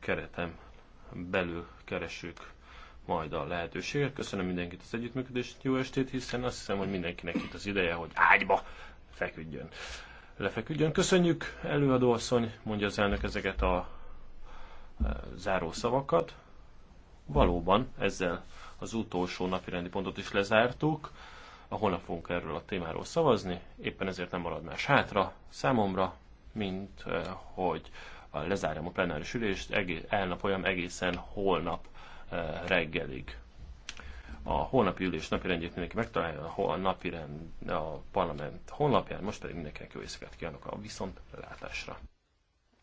keretem belül keressük majd a lehetőséget. Köszönöm mindenkit az együttműködést, jó estét, hiszen azt hiszem, hogy mindenkinek itt az ideje, hogy ágyba feküdjön. Lefeküdjön. Köszönjük, előadóasszony, mondja az elnök ezeket a záró szavakat. Valóban ezzel az utolsó napirendi pontot is lezártuk. A holnap fogunk erről a témáról szavazni, éppen ezért nem marad más hátra számomra, mint hogy éjszakkal lezárom a plenáris ülést, egész, elnapoljam egészen holnap eh, reggelig. A holnapi ülés napirendjét mindenki megtalálja a napirend a parlament honlapján, most pedig mindenkinek jó éjszakát kívánok a viszontlátásra.